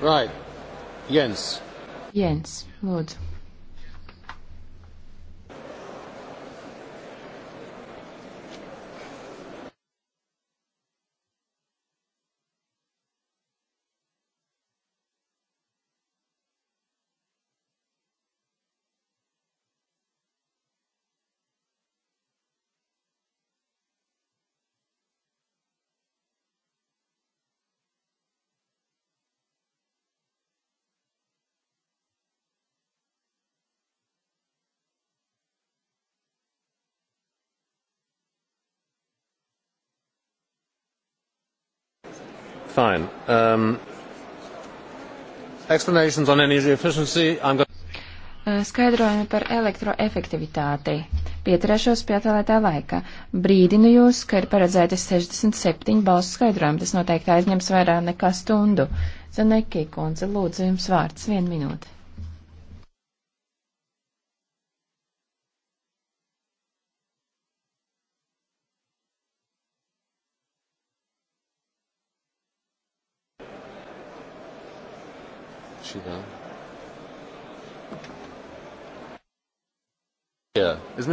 Right. Jens. Jens, lūdzu. time. Um, explanations on energy efficiency. I'm uh, Skaidrojumi par elektroefektivitāti. Pieturēšos pie atvēlētā laika. Brīdinu jūs, ka ir paredzēti 67 balsu skaidrojumi. Tas noteikti aizņems vairāk nekā stundu. Zanekī, kundze, lūdzu jums vārds. Vienu minūti. China. Yeah.